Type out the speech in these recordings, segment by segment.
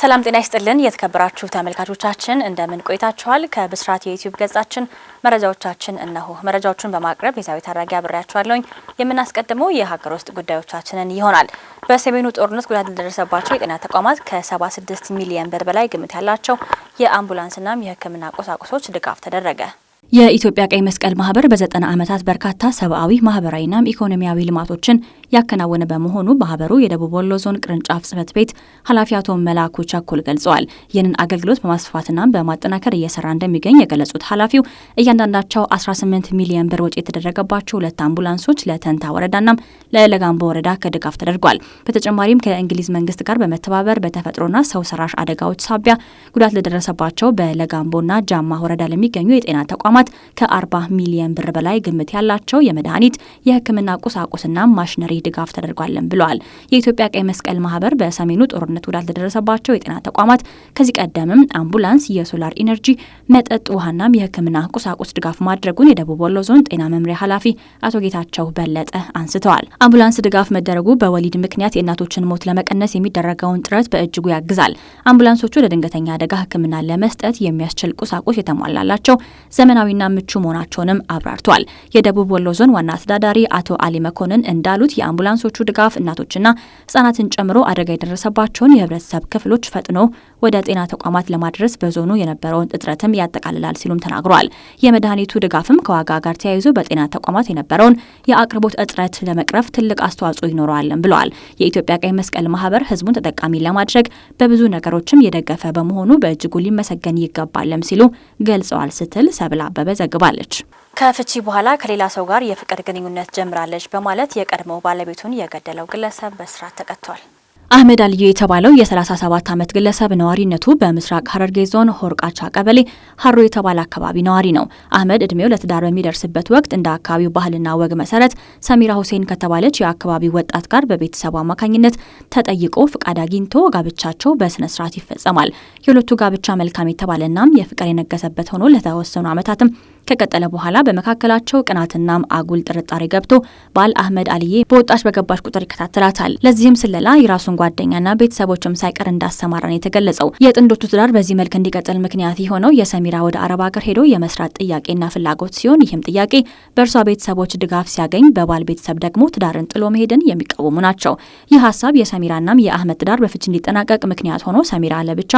ሰላም ጤና ይስጥልን የተከበራችሁ ተመልካቾቻችን እንደምን ቆይታችኋል? ከብስራት የዩቲዩብ ገጻችን መረጃዎቻችን እነሆ። መረጃዎቹን በማቅረብ ሊዛቤት ታራጊ አብሬያችኋለሁኝ። የምናስቀድመው የሀገር ውስጥ ጉዳዮቻችንን ይሆናል። በሰሜኑ ጦርነት ጉዳት ለደረሰባቸው የጤና ተቋማት ከ76 ሚሊዮን ብር በላይ ግምት ያላቸው የአምቡላንስና የሕክምና ቁሳቁሶች ድጋፍ ተደረገ። የኢትዮጵያ ቀይ መስቀል ማህበር በዘጠና ዓመታት በርካታ ሰብአዊ ማህበራዊና ኢኮኖሚያዊ ልማቶችን ያከናወነ በመሆኑ ማህበሩ የደቡብ ወሎ ዞን ቅርንጫፍ ጽህፈት ቤት ኃላፊ አቶ መላኩ ቸኩል ገልጸዋል። ይህንን አገልግሎት በማስፋትና በማጠናከር እየሰራ እንደሚገኝ የገለጹት ኃላፊው እያንዳንዳቸው 18 ሚሊዮን ብር ወጪ የተደረገባቸው ሁለት አምቡላንሶች ለተንታ ወረዳና ለለጋምቦ ወረዳ ከድጋፍ ተደርጓል። በተጨማሪም ከእንግሊዝ መንግስት ጋር በመተባበር በተፈጥሮና ሰው ሰራሽ አደጋዎች ሳቢያ ጉዳት ለደረሰባቸው በለጋምቦና ጃማ ወረዳ ለሚገኙ የጤና ተቋማት ከ40 ሚሊዮን ብር በላይ ግምት ያላቸው የመድኃኒት የህክምና ቁሳቁስና ማሽነሪ ድጋፍ ተደርጓለን ብለዋል። የኢትዮጵያ ቀይ መስቀል ማህበር በሰሜኑ ጦርነት ወዳልተደረሰባቸው የጤና ተቋማት ከዚህ ቀደምም አምቡላንስ፣ የሶላር ኢነርጂ፣ መጠጥ ውሃናም የህክምና ቁሳቁስ ድጋፍ ማድረጉን የደቡብ ወሎ ዞን ጤና መምሪያ ኃላፊ አቶ ጌታቸው በለጠ አንስተዋል። አምቡላንስ ድጋፍ መደረጉ በወሊድ ምክንያት የእናቶችን ሞት ለመቀነስ የሚደረገውን ጥረት በእጅጉ ያግዛል። አምቡላንሶቹ ለድንገተኛ አደጋ ህክምና ለመስጠት የሚያስችል ቁሳቁስ የተሟላላቸው ዘመናዊና ምቹ መሆናቸውንም አብራርቷል። የደቡብ ወሎ ዞን ዋና አስተዳዳሪ አቶ አሊ መኮንን እንዳሉት አምቡላንሶቹ ድጋፍ እናቶችና ህጻናትን ጨምሮ አደጋ የደረሰባቸውን የህብረተሰብ ክፍሎች ፈጥኖ ወደ ጤና ተቋማት ለማድረስ በዞኑ የነበረውን እጥረትም ያጠቃልላል ሲሉም ተናግረዋል። የመድኃኒቱ ድጋፍም ከዋጋ ጋር ተያይዞ በጤና ተቋማት የነበረውን የአቅርቦት እጥረት ለመቅረፍ ትልቅ አስተዋጽኦ ይኖረዋልም ብለዋል። የኢትዮጵያ ቀይ መስቀል ማህበር ህዝቡን ተጠቃሚ ለማድረግ በብዙ ነገሮችም የደገፈ በመሆኑ በእጅጉ ሊመሰገን ይገባልም ሲሉ ገልጸዋል ስትል ሰብል አበበ ዘግባለች። ከፍቺ በኋላ ከሌላ ሰው ጋር የፍቅር ግንኙነት ጀምራለች በማለት የቀድሞው ባለ ባለቤቱን የገደለው ግለሰብ በእስራት ተቀጥቷል። አህመድ አልዩ የተባለው የ37 ዓመት ግለሰብ ነዋሪነቱ በምስራቅ ሀረርጌ ዞን ሆርቃቻ ቀበሌ ሀሮ የተባለ አካባቢ ነዋሪ ነው። አህመድ እድሜው ለትዳር በሚደርስበት ወቅት እንደ አካባቢው ባህልና ወግ መሰረት ሰሚራ ሁሴን ከተባለች የአካባቢው ወጣት ጋር በቤተሰቡ አማካኝነት ተጠይቆ ፍቃድ አግኝቶ ጋብቻቸው በስነ ስርዓት ይፈጸማል። የሁለቱ ጋብቻ መልካም የተባለናም የፍቅር የነገሰበት ሆኖ ለተወሰኑ ዓመታትም ከቀጠለ በኋላ በመካከላቸው ቅናትናም አጉል ጥርጣሬ ገብቶ ባል አህመድ አልዬ በወጣች በገባች ቁጥር ይከታተላታል። ለዚህም ስለላ የራሱን ጓደኛና ቤተሰቦችም ሳይቀር እንዳሰማራን የተገለጸው። የጥንዶቹ ትዳር በዚህ መልክ እንዲቀጥል ምክንያት የሆነው የሰሚራ ወደ አረብ ሀገር ሄዶ የመስራት ጥያቄና ፍላጎት ሲሆን ይህም ጥያቄ በእርሷ ቤተሰቦች ድጋፍ ሲያገኝ፣ በባል ቤተሰብ ደግሞ ትዳርን ጥሎ መሄድን የሚቃወሙ ናቸው። ይህ ሀሳብ የሰሚራናም የአህመድ ትዳር በፍች እንዲጠናቀቅ ምክንያት ሆኖ ሰሚራ ለብቻ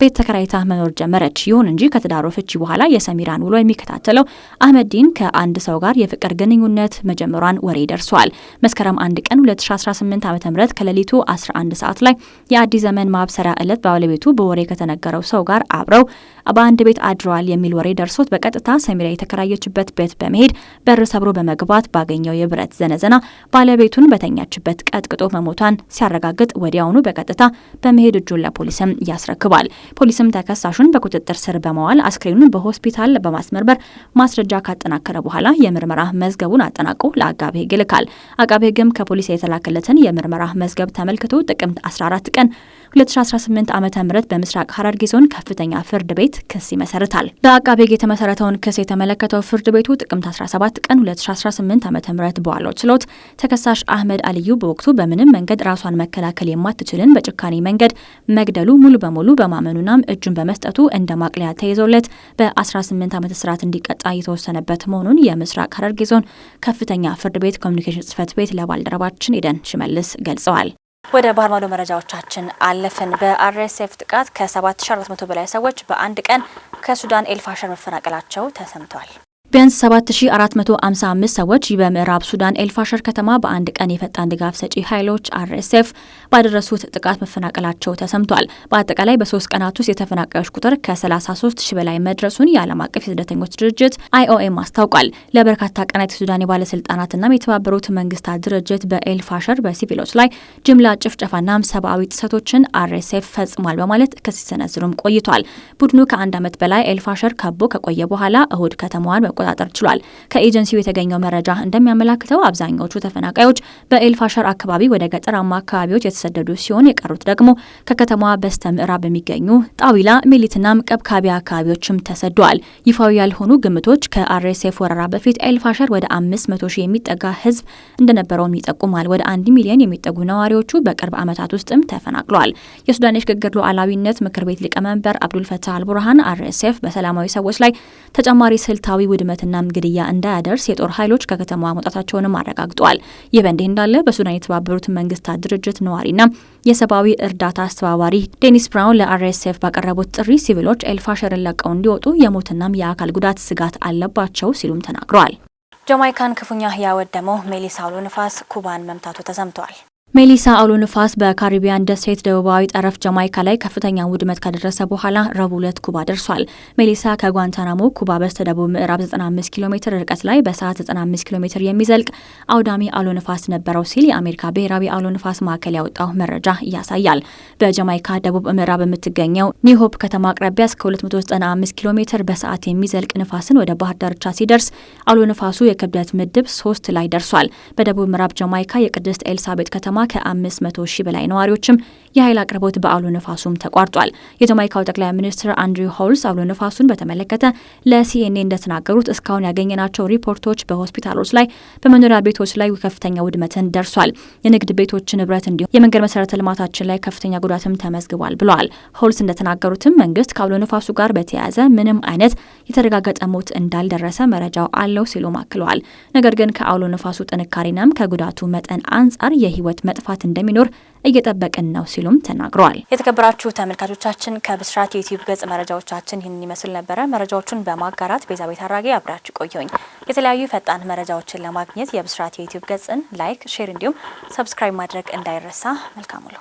ቤት ተከራይታ መኖር ጀመረች። ይሁን እንጂ ከትዳሩ ፍቺ በኋላ የሰሚራን ውሎ የሚከታተለው አህመዲን ከአንድ ሰው ጋር የፍቅር ግንኙነት መጀመሯን ወሬ ደርሷል። መስከረም አንድ ቀን 2018 ዓ ም ከሌሊቱ 11 አንድ ሰዓት ላይ የአዲስ ዘመን ማብሰሪያ ዕለት ባለቤቱ በወሬ ከተነገረው ሰው ጋር አብረው በአንድ ቤት አድረዋል የሚል ወሬ ደርሶት በቀጥታ ሰሚራ የተከራየችበት ቤት በመሄድ በር ሰብሮ በመግባት ባገኘው የብረት ዘነዘና ባለቤቱን በተኛችበት ቀጥቅጦ መሞቷን ሲያረጋግጥ ወዲያውኑ በቀጥታ በመሄድ እጁን ለፖሊስም ያስረክባል። ፖሊስም ተከሳሹን በቁጥጥር ስር በመዋል አስክሬኑን በሆስፒታል በማስመርመር ማስረጃ ካጠናከረ በኋላ የምርመራ መዝገቡን አጠናቆ ለአቃቤ ሕግ ይልካል። አቃቤ ሕግም ከፖሊስ የተላከለትን የምርመራ መዝገብ ተመልክቶ ጥቅምት 14 ቀን 2018 ዓ ም በምስራቅ ሐረርጌ ዞን ከፍተኛ ፍርድ ቤት ክስ ይመሰርታል። በአቃቤ ሕግ የተመሰረተውን ክስ የተመለከተው ፍርድ ቤቱ ጥቅምት 17 ቀን 2018 ዓ ም በዋለው ችሎት ተከሳሽ አህመድ አልዩ በወቅቱ በምንም መንገድ ራሷን መከላከል የማትችልን በጭካኔ መንገድ መግደሉ ሙሉ በሙሉ በማመኑናም እጁን በመስጠቱ እንደ ማቅለያ ተይዞለት በ18 ዓመት እስራት እንዲቀጣ የተወሰነበት መሆኑን የምስራቅ ሐረርጌ ዞን ከፍተኛ ፍርድ ቤት ኮሚኒኬሽን ጽህፈት ቤት ለባልደረባችን ኤደን ሽመልስ ገልጸዋል። ወደ ባህር ማዶ መረጃዎቻችን አለፍን። በአርኤስኤፍ ጥቃት ከ7400 በላይ ሰዎች በአንድ ቀን ከሱዳን ኤልፋሸር መፈናቀላቸው ተሰምቷል። ቢያንስ 7455 ሰዎች በምዕራብ ሱዳን ኤልፋሸር ከተማ በአንድ ቀን የፈጣን ድጋፍ ሰጪ ኃይሎች አርኤስኤፍ ባደረሱት ጥቃት መፈናቀላቸው ተሰምቷል። በአጠቃላይ በሶስት ቀናት ውስጥ የተፈናቃዮች ቁጥር ከ33 ሺ በላይ መድረሱን የዓለም አቀፍ የስደተኞች ድርጅት አይኦኤም አስታውቋል። ለበርካታ ቀናት የሱዳን የባለስልጣናትና የተባበሩት መንግስታት ድርጅት በኤልፋሸር በሲቪሎች ላይ ጅምላ ጭፍጨፋና ሰብአዊ ጥሰቶችን አርኤስኤፍ ፈጽሟል በማለት ክስ ሲሰነዝሩም ቆይቷል። ቡድኑ ከአንድ ዓመት በላይ ኤልፋሸር ከቦ ከቆየ በኋላ እሁድ ከተማዋን መቆጣጠር ችሏል። ከኤጀንሲው የተገኘው መረጃ እንደሚያመላክተው አብዛኛዎቹ ተፈናቃዮች በኤልፋሸር አካባቢ ወደ ገጠራማ አካባቢዎች የተሰደዱ ሲሆን የቀሩት ደግሞ ከከተማዋ በስተ ምዕራብ በሚገኙ ጣዊላ፣ ሜሊትና ቀብካቢያ አካባቢዎችም ተሰደዋል። ይፋዊ ያልሆኑ ግምቶች ከአርኤስኤፍ ወረራ በፊት ኤልፋሸር ወደ አምስት መቶ ሺህ የሚጠጋ ህዝብ እንደነበረውም ይጠቁማል። ወደ አንድ ሚሊዮን የሚጠጉ ነዋሪዎቹ በቅርብ ዓመታት ውስጥም ተፈናቅሏል። የሱዳን የሽግግር ሉዓላዊነት ምክር ቤት ሊቀመንበር አብዱልፈታህ አልቡርሃን አርኤስኤፍ በሰላማዊ ሰዎች ላይ ተጨማሪ ስልታዊ ውድ ውድመትናም ግድያ እንዳያደርስ የጦር ኃይሎች ከከተማዋ መውጣታቸውንም አረጋግጠዋል። ይህ በእንዲህ እንዳለ በሱዳን የተባበሩት መንግስታት ድርጅት ነዋሪና የሰብአዊ እርዳታ አስተባባሪ ዴኒስ ብራውን ለአርኤስኤፍ ባቀረቡት ጥሪ ሲቪሎች ኤልፋሸርን ለቀው እንዲወጡ የሞትናም የአካል ጉዳት ስጋት አለባቸው ሲሉም ተናግረዋል። ጃማይካን ክፉኛ ያወደመው ሜሊሳውሎ ንፋስ ኩባን መምታቱ ተሰምቷል ሜሊሳ አውሎ ንፋስ በካሪቢያን ደሴት ደቡባዊ ጠረፍ ጀማይካ ላይ ከፍተኛ ውድመት ከደረሰ በኋላ ረቡዕ ዕለት ኩባ ደርሷል። ሜሊሳ ከጓንታናሞ ኩባ በስተ ደቡብ ምዕራብ 95 ኪሎ ሜትር ርቀት ላይ በሰዓት 95 ኪሎ ሜትር የሚዘልቅ አውዳሚ አውሎ ንፋስ ነበረው ሲል የአሜሪካ ብሔራዊ አውሎ ንፋስ ማዕከል ያወጣው መረጃ ያሳያል። በጀማይካ ደቡብ ምዕራብ የምትገኘው ኒሆፕ ከተማ አቅራቢያ እስከ 295 ኪሎ ሜትር በሰዓት የሚዘልቅ ንፋስን ወደ ባህር ዳርቻ ሲደርስ አውሎ ንፋሱ የክብደት ምድብ ሶስት ላይ ደርሷል። በደቡብ ምዕራብ ጀማይካ የቅድስት ኤልሳቤጥ ከተማ ከአምስት መቶ ሺህ በላይ ነዋሪዎችም የኃይል አቅርቦት በአውሎ ነፋሱም ተቋርጧል። የጀማይካው ጠቅላይ ሚኒስትር አንድሪው ሆልስ አውሎ ነፋሱን በተመለከተ ለሲኤንኤ እንደተናገሩት እስካሁን ያገኘናቸው ሪፖርቶች በሆስፒታሎች ላይ፣ በመኖሪያ ቤቶች ላይ ከፍተኛ ውድመትን ደርሷል። የንግድ ቤቶች ንብረት እንዲሁም የመንገድ መሰረተ ልማታችን ላይ ከፍተኛ ጉዳትም ተመዝግቧል ብለዋል። ሆልስ እንደተናገሩትም መንግስት ከአውሎ ነፋሱ ጋር በተያያዘ ምንም አይነት የተረጋገጠ ሞት እንዳልደረሰ መረጃው አለው ሲሉ አክለዋል። ነገር ግን ከአውሎ ነፋሱ ጥንካሬናም ከጉዳቱ መጠን አንጻር የህይወት መጥፋት እንደሚኖር እየጠበቅን ነው ሲሉም ተናግረዋል። የተከበራችሁ ተመልካቾቻችን ከብስራት የዩቲዩብ ገጽ መረጃዎቻችን ይህንን ይመስል ነበረ። መረጃዎቹን በማጋራት ቤዛቤት አራጌ አብራችሁ ቆየኝ የተለያዩ ፈጣን መረጃዎችን ለማግኘት የብስራት የዩቲዩብ ገጽን ላይክ፣ ሼር እንዲሁም ሰብስክራይብ ማድረግ እንዳይረሳ። መልካም ውሎ